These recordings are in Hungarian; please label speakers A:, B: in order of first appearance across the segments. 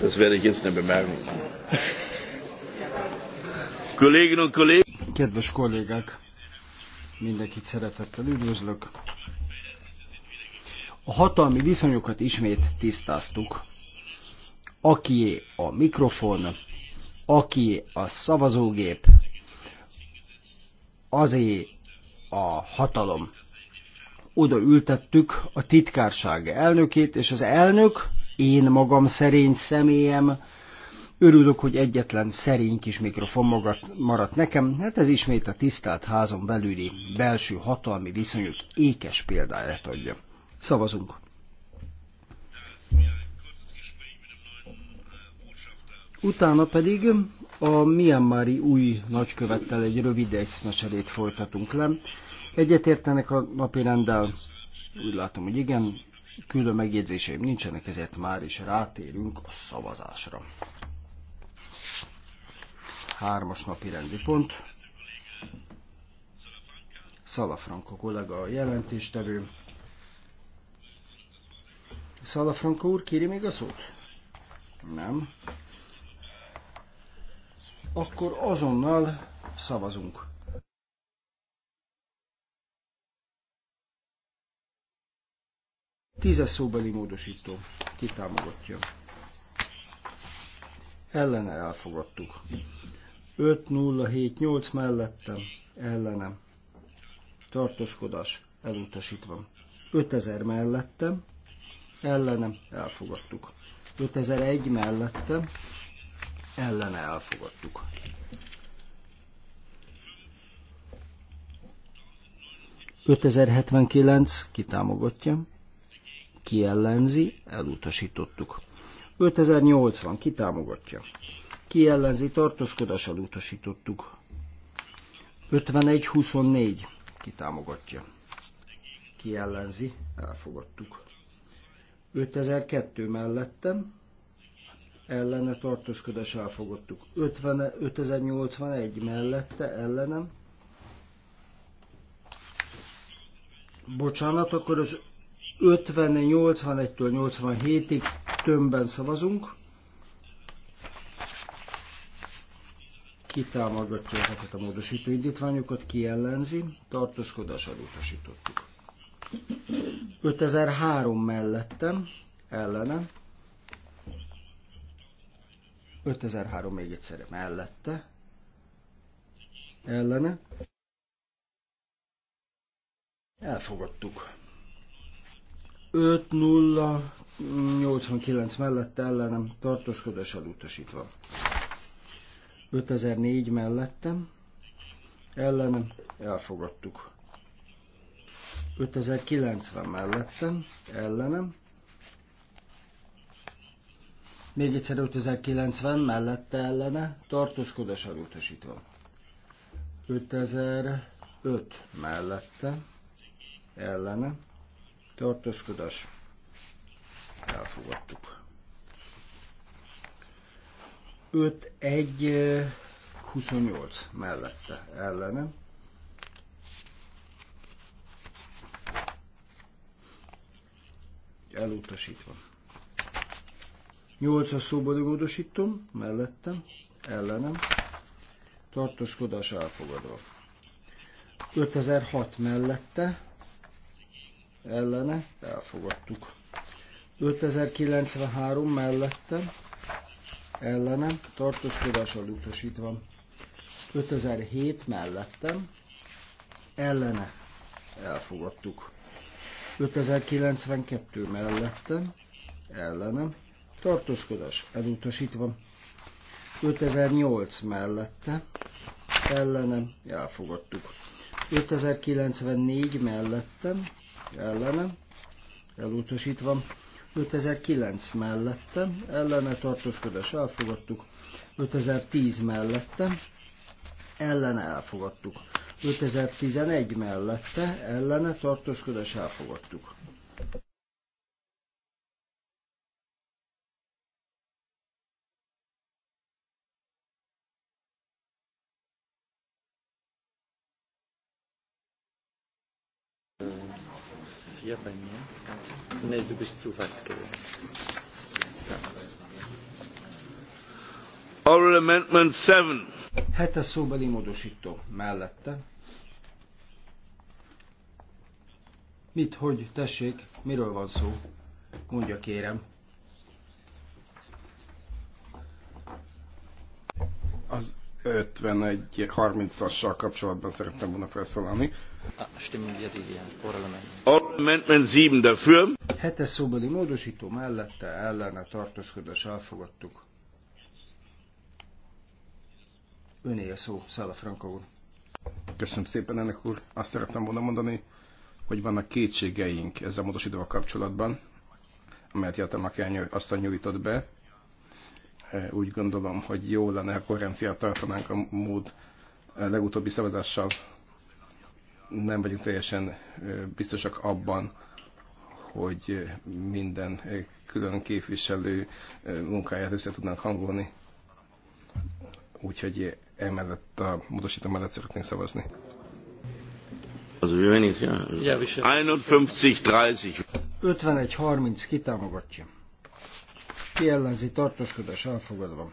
A: Das werde ich jetzt eine Bemerkung.
B: Kolleginnen und Kollegen. Kedves kollégák, mindenkit szeretettel üdvözlök. A hatalmi viszonyokat ismét tisztáztuk. Aki a mikrofon, aki a szavazógép, azé a hatalom oda ültettük a titkárság elnökét, és az elnök, én magam szerény személyem, Örülök, hogy egyetlen szerény kis mikrofon magat maradt nekem, hát ez ismét a tisztelt házon belüli belső hatalmi viszonyok ékes példáját adja. Szavazunk! Utána pedig a Myanmari új nagykövettel egy rövid eszmecserét folytatunk le, Egyetértenek a napi rendel? Úgy látom, hogy igen, külön megjegyzéseim nincsenek, ezért már is rátérünk a szavazásra. Hármas napi rendi pont. Szalafranko kollega a jelentéstevő. Szalafranko úr, kéri még a szót? Nem. Akkor azonnal szavazunk. Tízes szóbeli módosító. kitámogatja. Ellene elfogadtuk. 8 mellettem, ellenem. Tartoskodás elutasítva. 5000 mellettem, ellenem elfogadtuk. 5001 mellettem, ellene elfogadtuk. hetvenkilenc kitámogatja, Kiellenzi, elutasítottuk. 5080, ki támogatja? Kiellenzi, tartózkodás, elutasítottuk. 5124, ki támogatja? Kiellenzi, elfogadtuk. 5002 mellettem, ellene tartózkodás elfogadtuk. 50, 5081 mellette ellenem. Bocsánat, akkor az 50-81-től 87-ig tömbben szavazunk. Ki támogatja ezeket a módosító indítványokat, ki ellenzi, tartózkodás elutasítottuk. 5003 mellettem, ellenem, 5003 még egyszer mellette, ellene, elfogadtuk. 5-0 89 mellette ellenem tartózkodás elutasítva. 5004 mellettem ellenem elfogadtuk. 5090 mellettem ellenem még egyszer 5090 mellette ellene tartózkodás elutasítva. 5005 mellette ellenem tartózkodás, elfogadtuk. 5-1-28 mellette ellenem. Elutasítva. 8 a szóbeli módosítom, mellettem, ellenem, tartózkodás elfogadva. 5006 mellette, ellene, elfogadtuk. 5093 mellette, ellene, tartózkodással utasítva. 5007 mellettem, ellene, elfogadtuk. 5092 mellettem, ellene, tartózkodás elutasítva. 5008 mellette, ellenem, elfogadtuk. 5094 mellettem, ellene, elutasítva. 5009 mellette, ellene tartózkodás elfogadtuk. 5010 mellette, ellene elfogadtuk. 5011 mellette, ellene tartózkodás elfogadtuk.
A: bist zu weit gegangen. Oral Amendment 7.
B: Hetes szóbeli módosító mellette. Mit, hogy, tessék, miről van szó? Mondja kérem. 51-30-assal kapcsolatban szerettem volna felszólalni. Amendment 7 dafür. Hetes szóbeli módosító mellette ellene tartózkodás elfogadtuk. Öné a szó, Szála Franka úr. Köszönöm szépen ennek úr. Azt szerettem volna mondani, hogy vannak kétségeink ezzel módosítóval kapcsolatban, amelyet Jatamaki azt a nyújtott be, Eh, úgy gondolom, hogy jó lenne, ha koherenciát tartanánk a mód eh, legutóbbi szavazással. Nem vagyunk teljesen eh, biztosak abban, hogy minden külön képviselő munkáját össze tudnánk hangolni. Úgyhogy emellett a módosító mellett szeretnénk szavazni.
A: Az wir werden jetzt ja
B: 51 30 kitámogatja ki ellenzi tartózkodás elfogadva.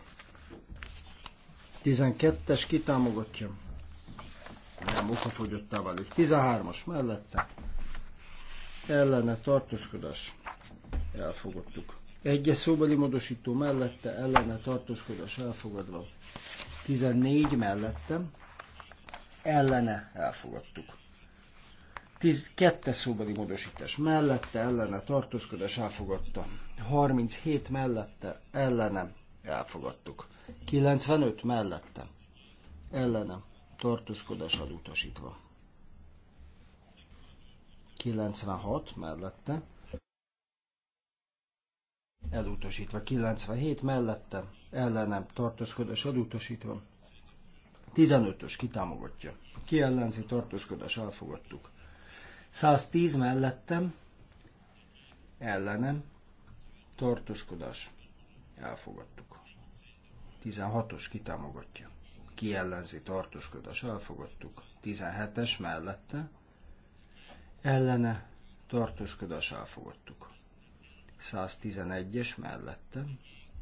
B: 12-es kitámogatja. Nem, okafogyottá válik. 13-as mellette ellene tartózkodás elfogadtuk. Egyes szóbeli módosító mellette ellene tartózkodás elfogadva. 14 mellettem ellene elfogadtuk. 12-es szóbeli módosítás mellette, ellene tartózkodás elfogadta. 37 mellette, ellene elfogadtuk. 95 mellette, ellene tartózkodás elutasítva. 96 mellette, elutasítva. 97 mellette, ellene tartózkodás elutasítva. 15-ös kitámogatja. Ki ellenzi tartózkodás elfogadtuk. 110 mellettem, ellenem, tartózkodás, elfogadtuk. 16-os kitámogatja. Ki ellenzi tartózkodás, elfogadtuk. 17-es mellette, ellene, tartózkodás, elfogadtuk. 111-es mellette,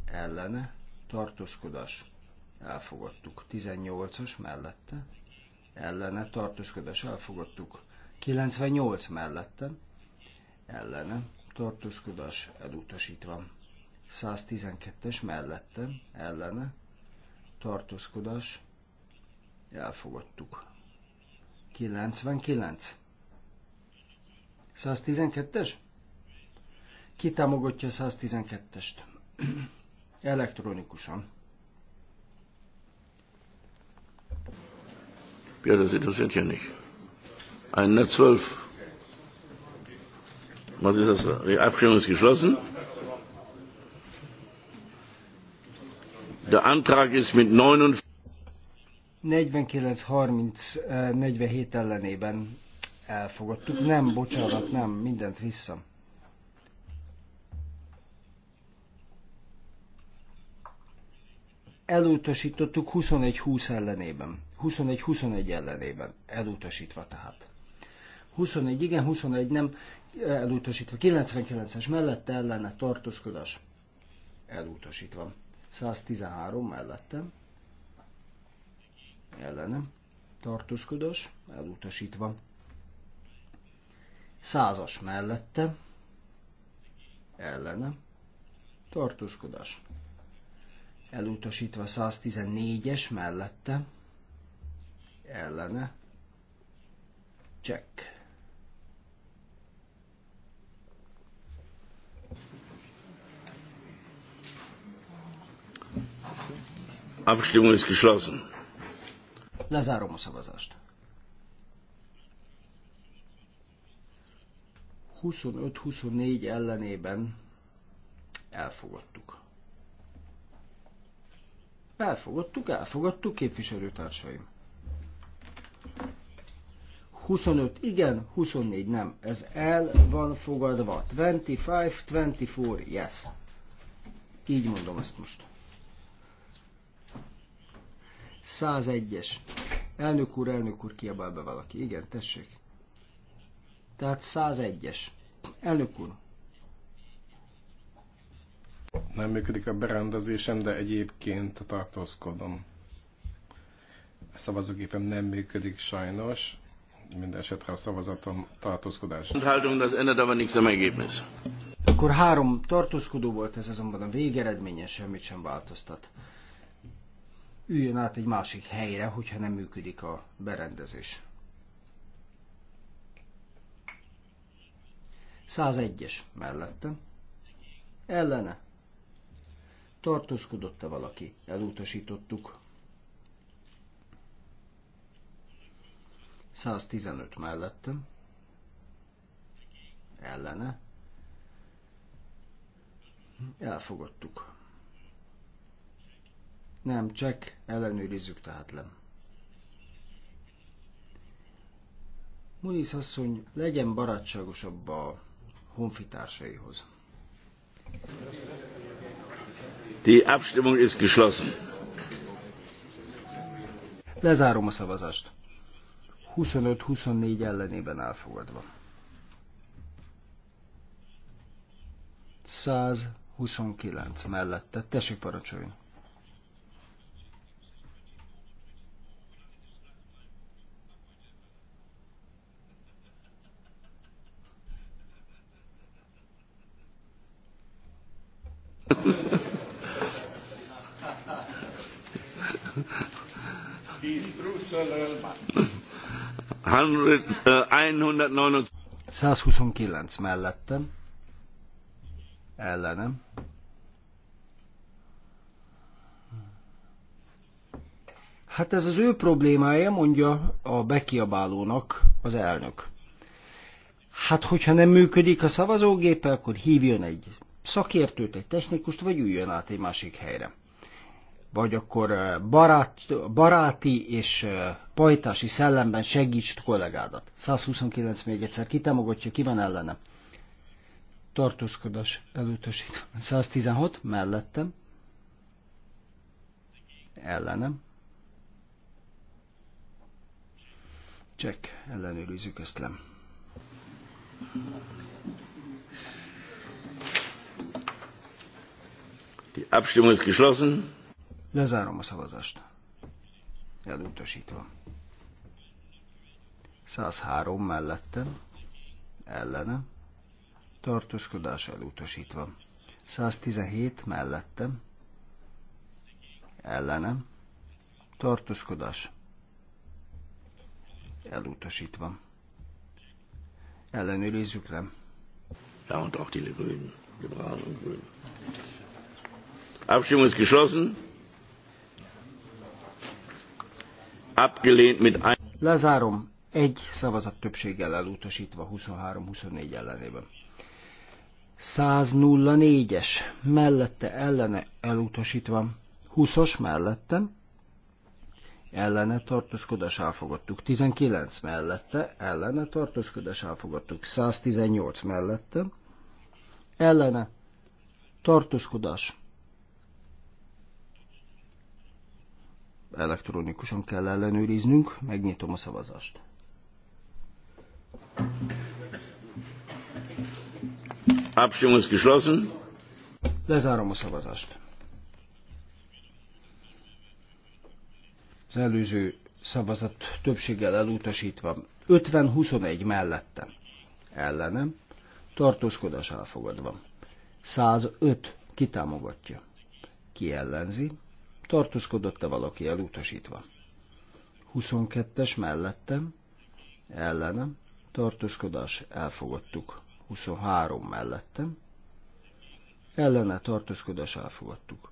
B: ellene, tartózkodás, elfogadtuk. 18-as mellette, ellene, tartózkodás, elfogadtuk. 98 mellette ellene tartózkodás elutasítva. 112-es mellette ellene tartózkodás elfogadtuk. 99. 112-es? Ki támogatja 112-est? Elektronikusan.
A: Ja, das interessiert ja nicht. 112. Was ist das? Die Abstimmung ist geschlossen. Der Antrag ist mit 49.
B: 49-30-47 eh, ellenében elfogadtuk. Nem, bocsánat, nem, mindent vissza. Elutasítottuk 21-20 ellenében. 21-21 ellenében. Elutasítva tehát. 21 igen, 21 nem, elutasítva. 99-es mellette ellene tartózkodás elutasítva. 113 mellette ellene tartózkodás elutasítva. 100-as mellette ellene tartózkodás elutasítva 114-es mellette ellene check.
A: Abstimmung ist geschlossen.
B: Lezárom a szavazást. 25-24 ellenében elfogadtuk. Elfogadtuk, elfogadtuk, képviselőtársaim. 25 igen, 24 nem. Ez el van fogadva. 25, 24 yes. Így mondom ezt most. 101-es. Elnök úr, elnök úr, kiabál be valaki. Igen, tessék. Tehát 101-es. Elnök úr. Nem működik a berendezésem, de egyébként tartózkodom. A szavazógépem nem működik sajnos. Minden a szavazatom tartózkodás.
A: Enthaltung, e,
B: Akkor három tartózkodó volt, ez azonban a végeredményen semmit sem változtat üljön át egy másik helyre, hogyha nem működik a berendezés. 101-es mellette. Ellene. Tartózkodott-e valaki? Elutasítottuk. 115 mellette. Ellene. Elfogadtuk. Nem, csak ellenőrizzük tehát le. Muniz asszony, legyen barátságosabb a honfitársaihoz.
A: Die Abstimmung ist geschlossen.
B: Lezárom a szavazást. 25-24 ellenében elfogadva. 129 mellette. Tessék parancsoljon.
A: 129
B: mellettem. Ellenem. Hát ez az ő problémája, mondja a bekiabálónak az elnök. Hát, hogyha nem működik a szavazógépe, akkor hívjon egy szakértőt, egy technikust, vagy üljön át egy másik helyre vagy akkor barát, baráti és pajtási szellemben segítsd kollégádat. 129 még egyszer kitámogatja, ki van ellene. Tartózkodás előtösít. 116 mellettem. Ellenem. Csak ellenőrizzük ezt le. Die Abstimmung ist geschlossen. Lezárom a szavazást. Elutasítva. 103 mellettem, ellene, tartózkodás elutasítva. 117 mellettem, ellenem, tartózkodás elutasítva. Ellenőrizzük le. Ja, und auch die Grünen, Liberalen und Grünen. Abstimmung ist geschlossen. abgelehnt mit ein... Lezárom, egy szavazat többséggel elutasítva 23-24 ellenében. 104-es, mellette ellene elutasítva, 20-os mellette ellene tartózkodás elfogadtuk, 19 mellette, ellene tartózkodás elfogadtuk, 118 mellette, ellene tartózkodás elektronikusan kell ellenőriznünk. Megnyitom a szavazást. Abstimmung geschlossen. Lezárom a szavazást. Az előző szavazat többséggel elutasítva 50-21 mellette. Ellenem tartózkodás elfogadva. 105 kitámogatja. Ki ellenzi, tartózkodott-e valaki elutasítva. 22-es mellettem, ellenem, tartózkodás elfogadtuk. 23 mellettem, ellene tartózkodás elfogadtuk.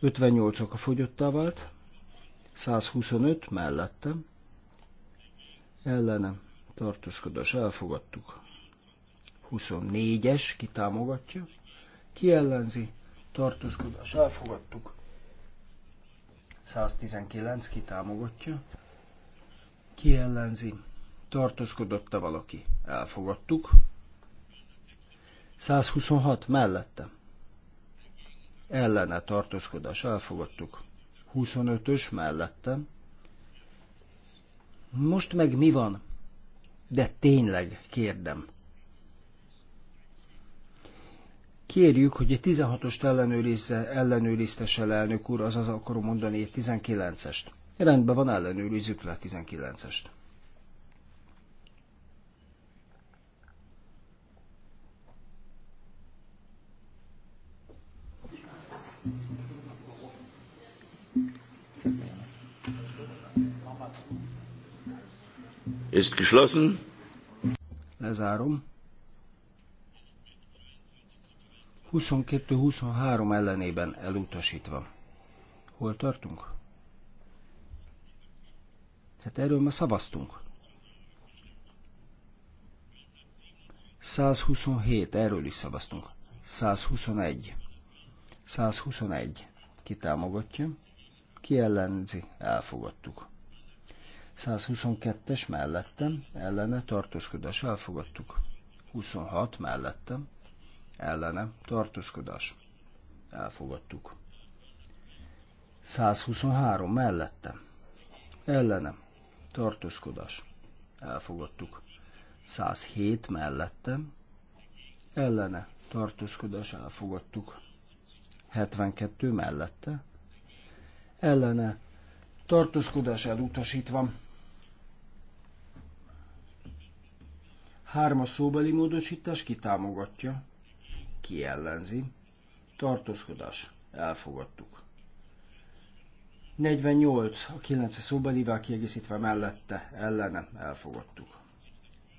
B: 58 a fogyottá vált, 125 mellettem, ellenem tartózkodás elfogadtuk. 24-es kitámogatja, ki ellenzi, tartózkodás elfogadtuk. 119 kitámogatja, ki ellenzi, tartózkodott-e valaki, elfogadtuk. 126 mellette, ellene tartózkodás, elfogadtuk. 25-ös mellette. Most meg mi van? De tényleg kérdem. Kérjük, hogy egy 16-ost ellenőrizze, ellenőriztesse el elnök úr, azaz akarom mondani egy 19-est. Rendben van, ellenőrizzük le a 19-est. Ist geschlossen. Lezárom. 22-23 ellenében elutasítva. Hol tartunk? Hát erről ma szavaztunk. 127, erről is szavaztunk. 121. 121. Ki támogatja? Ki ellenzi? Elfogadtuk. 122-es mellettem, ellene tartózkodás elfogadtuk. 26 mellettem, ellene tartózkodás. Elfogadtuk. 123 mellette ellene tartózkodás. Elfogadtuk. 107 mellette ellene tartózkodás. Elfogadtuk. 72 mellette ellene tartózkodás elutasítva. Hármas szóbeli módosítás kitámogatja ki ellenzi, tartózkodás, elfogadtuk. 48, a 9 szóbelivel kiegészítve mellette, ellene, elfogadtuk.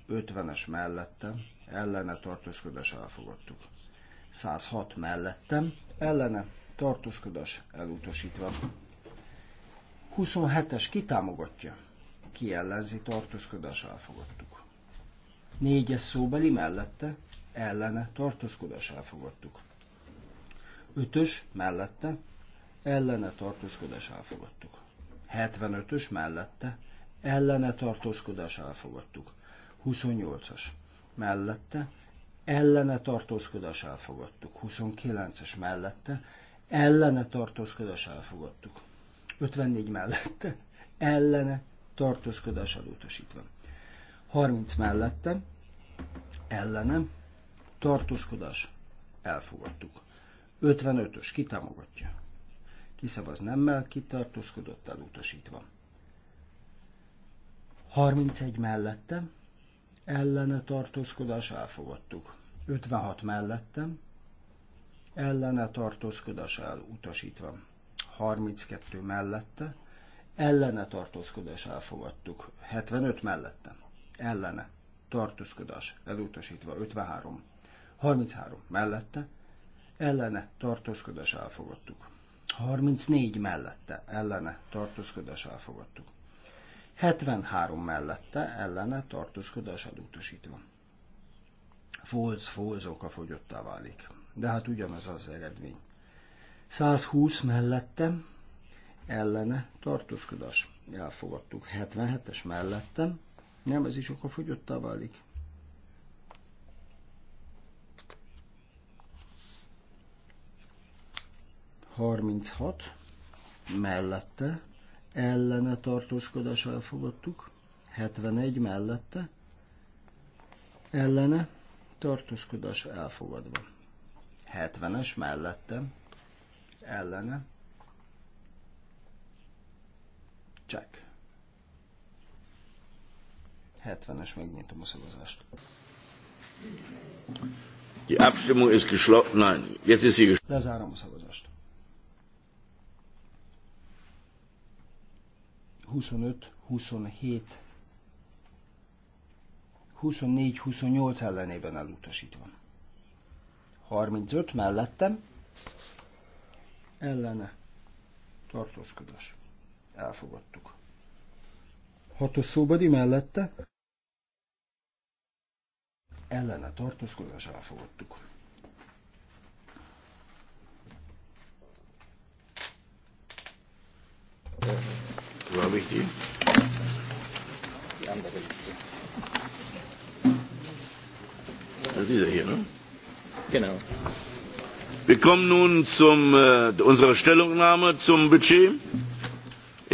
B: 50-es mellette, ellene tartózkodás elfogadtuk. 106 mellettem, ellene tartózkodás elutasítva. 27-es kitámogatja, ki ellenzi tartózkodás elfogadtuk. 4-es szóbeli mellette, ellene tartózkodás elfogadtuk. Ötös mellette ellene tartózkodás elfogadtuk. 75-ös mellette ellene tartózkodás elfogadtuk. 28-as mellette ellene tartózkodás elfogadtuk. 29-es mellette ellene tartózkodás elfogadtuk. 54 mellette ellene tartózkodás elutasítva. 30 mellette ellenem tartózkodás, elfogadtuk. 55-ös kitámogatja. Kiszavaz nemmel, tartózkodott, elutasítva. 31 mellette, ellene tartózkodás, elfogadtuk. 56 mellettem, ellene tartózkodás elutasítva. 32 mellette, ellene tartózkodás elfogadtuk. 75 mellette, ellene tartózkodás elutasítva. 53 33 mellette, ellene tartózkodás elfogadtuk. 34 mellette, ellene tartózkodás elfogadtuk. 73 mellette, ellene tartózkodás elutasítva. Folz, Folz oka fogyottá válik. De hát ugyanaz az eredmény. 120 mellette, ellene tartózkodás. Elfogadtuk. 77-es mellettem, nem, ez is oka fogyottá válik. 36 mellette, ellene tartózkodás elfogadtuk, 71 mellette, ellene tartózkodás elfogadva, 70-es mellette, ellene, check. 70-es, megnyitom a szavazást.
A: Die Abstimmung ist geschlossen. Nein, jetzt ist sie geschlossen.
B: Lezárom a szavazást. 25-27 24-28 ellenében elutasítva. 35 mellettem ellene tartózkodás. Elfogadtuk. 6-os szóbadi mellette ellene tartózkodás elfogadtuk.
A: you glaube ich, die. Die hier, ne? Genau. Wir kommen nun zu äh, unserer Stellungnahme zum Budget.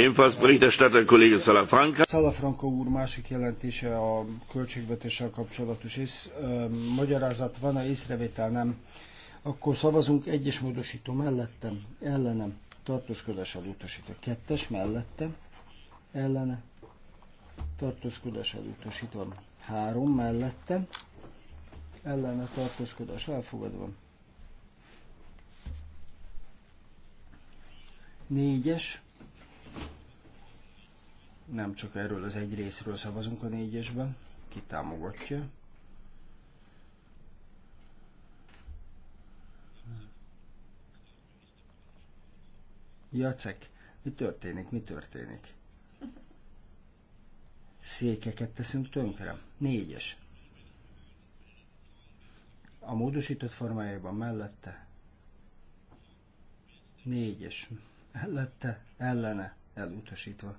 A: Ebenfalls Berichterstatter Kollege Salafranca.
B: Salafranca úr másik jelentése a költségvetéssel kapcsolatos és ö, magyarázat van a észrevétel nem? Akkor szavazunk egyes módosító mellettem, ellenem, tartózkodás elutasítva. Kettes mellettem, ellene tartózkodás elutasítva. három mellette ellene tartózkodás elfogadva. Négyes. nem csak erről az egy részről szavazunk a négyesben, ki támogatja. Jacek, mi történik, mi történik? székeket teszünk tönkre. Négyes. A módosított formájában mellette. Négyes. Mellette, ellene, elutasítva.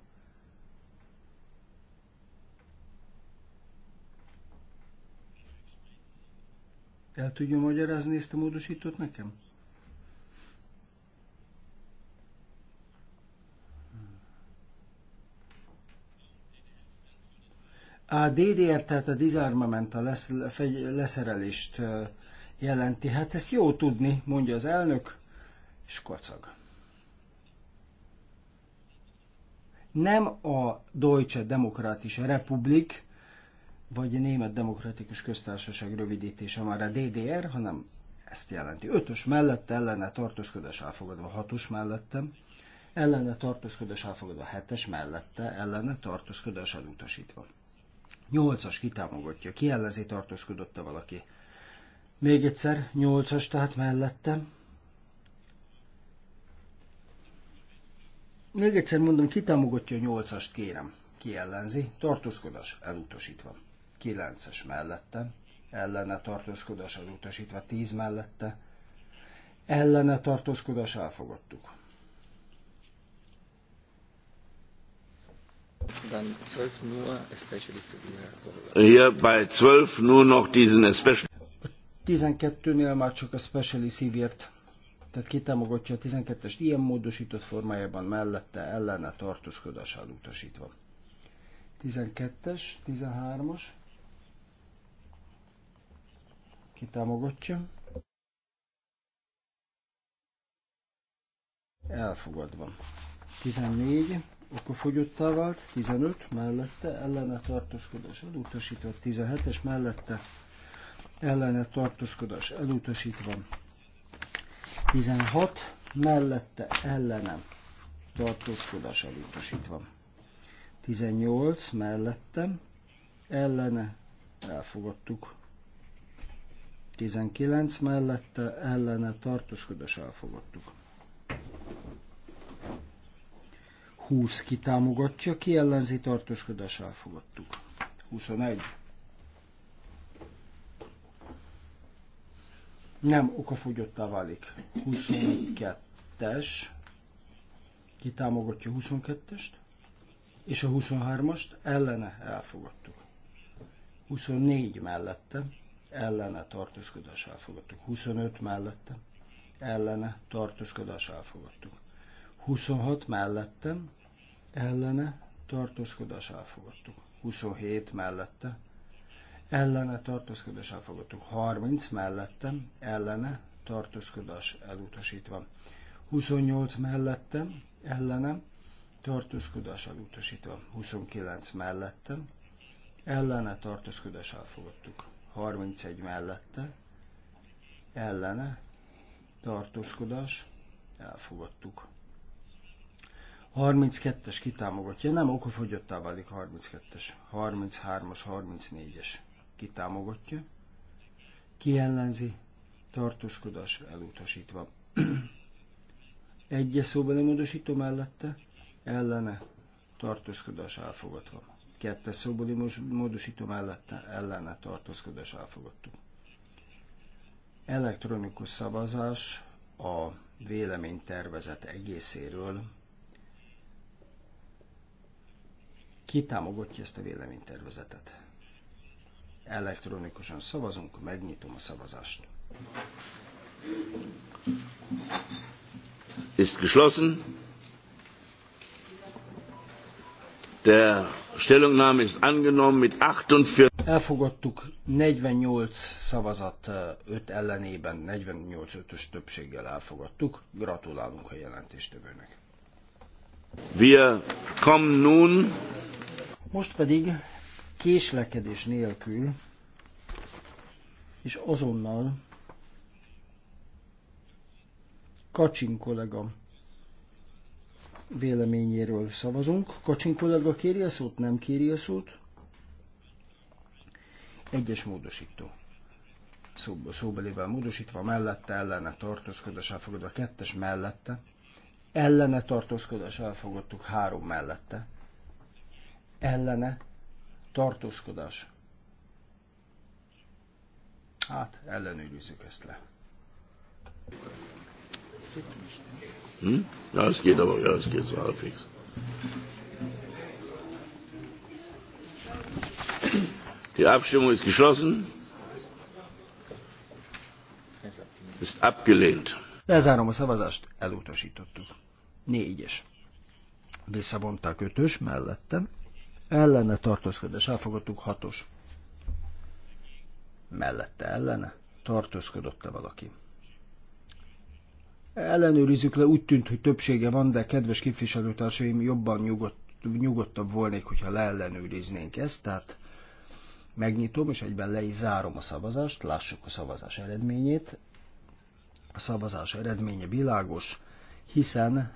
B: El tudja magyarázni ezt a módosítót nekem? A DDR, tehát a disarmament, a lesz, leszerelést jelenti. Hát ezt jó tudni, mondja az elnök, és kocog. Nem a Deutsche Demokratische Republik, vagy a Német Demokratikus Köztársaság rövidítése már a DDR, hanem ezt jelenti. Ötös mellett ellene tartózkodás elfogadva, hatos mellettem, ellene tartózkodás elfogadva, hetes mellette, ellene tartózkodás elutasítva. Nyolcas kitámogatja. Ki ellenzé tartózkodott-e valaki? Még egyszer, nyolcas, tehát mellettem. Még egyszer mondom, kitámogatja a nyolcast, kérem. Ki ellenzi? Tartózkodás elutasítva. Kilences mellettem. Ellene tartózkodás elutasítva. tíz mellette. Ellene tartózkodás elfogadtuk. dann 12 nur Specialist.
A: Hier bei 12 nur noch diesen Specialist.
B: 12-nél már csak a Specially Szívért, tehát kitámogatja a 12-est ilyen módosított formájában mellette ellene tartózkodással utasítva. 12-es, 13-as, Kitámogatja. Elfogadva. 14, akkor fogyottá vált, 15 mellette, ellene tartózkodás elutasítva, 17-es mellette, ellene tartózkodás elutasítva, 16 mellette, ellenem tartózkodás elutasítva, 18 mellettem ellene elfogadtuk, 19 mellette, ellene tartózkodás elfogadtuk. 20 kitámogatja, ki ellenzi tartózkodás elfogadtuk. 21. Nem okafogyottá válik. 22-es. Kitámogatja 22-est. És a 23-ast ellene elfogadtuk. 24 mellette ellene tartózkodás elfogadtuk. 25 mellette ellene tartózkodás elfogadtuk. 26 mellettem ellene tartózkodás elfogadtuk. 27 mellette ellene tartózkodás elfogadtuk. 30 mellette ellene tartózkodás elutasítva. 28 mellette ellene tartózkodás elutasítva. 29 mellette ellene tartózkodás elfogadtuk. 31 mellette ellene tartózkodás elfogadtuk. 32-es kitámogatja, nem okofogyottá válik 32-es, 33-as, 34-es kitámogatja, kiellenzi, tartózkodás elutasítva. Egyes szóbeli módosító mellette, ellene, tartózkodás elfogadva. Kettes szóbeli módosító mellette, ellene, tartózkodás elfogadtuk. Elektronikus szavazás a véleménytervezet egészéről Ki támogatja ezt a véleménytervezetet? Elektronikusan szavazunk, megnyitom a szavazást.
A: Ist geschlossen. Der Stellungnahme ist angenommen mit 48
B: Elfogadtuk 48 szavazat 5 ellenében, 48 ötös többséggel elfogadtuk. Gratulálunk a jelentéstevőnek. Wir kommen nun most pedig késlekedés nélkül és azonnal Kacsin kollega véleményéről szavazunk. Kacsin kollega kéri a szót, nem kéri a szót? Egyes módosító. Szóba, szóbelivel módosítva, mellette, ellene tartózkodás elfogadva, kettes mellette, ellene tartózkodás elfogadtuk, három mellette, ellene tartózkodás. Hát, ellenőrizzük ezt le.
A: Hm? Das geht aber, fix. geht so halbwegs. Die Abstimmung ist geschlossen.
B: Ist abgelehnt. Lezárom a szavazást, elutasítottuk. Négyes. Visszavonták ötös mellettem ellene tartózkodás elfogadtuk hatos. Mellette ellene tartózkodott-e valaki? Ellenőrizzük le, úgy tűnt, hogy többsége van, de kedves képviselőtársaim, jobban nyugodt, nyugodtabb volnék, hogyha leellenőriznénk ezt, tehát megnyitom, és egyben le is zárom a szavazást, lássuk a szavazás eredményét. A szavazás eredménye világos, hiszen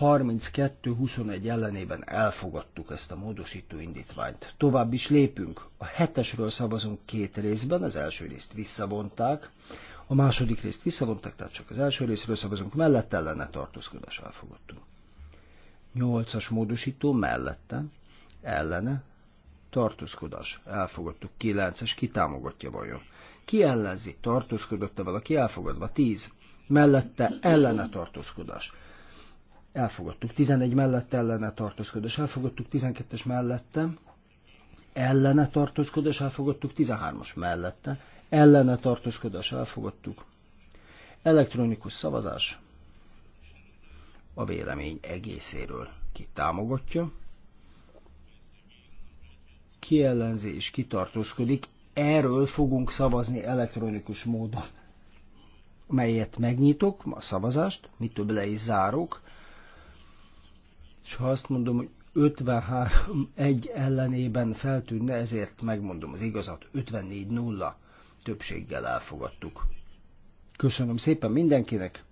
B: 32-21 ellenében elfogadtuk ezt a módosító indítványt. Tovább is lépünk. A hetesről szavazunk két részben, az első részt visszavonták, a második részt visszavonták, tehát csak az első részről szavazunk, mellett ellene tartózkodás elfogadtunk. Nyolcas módosító mellette, ellene, tartózkodás, elfogadtuk Kilences, ki támogatja vajon? Ki ellenzi, tartózkodott-e valaki, elfogadva Tíz. mellette ellene tartózkodás, elfogadtuk. 11 mellett ellene tartózkodás, elfogadtuk. 12-es mellette ellene tartózkodás, elfogadtuk. 13-as mellette ellene tartózkodás, elfogadtuk. Elektronikus szavazás a vélemény egészéről. Ki támogatja, ki ellenzi és tartózkodik. erről fogunk szavazni elektronikus módon, melyet megnyitok, a szavazást, mitől le is zárok, és ha azt mondom, hogy 53 egy ellenében feltűnne, ezért megmondom az igazat, 54-0 többséggel elfogadtuk. Köszönöm szépen mindenkinek,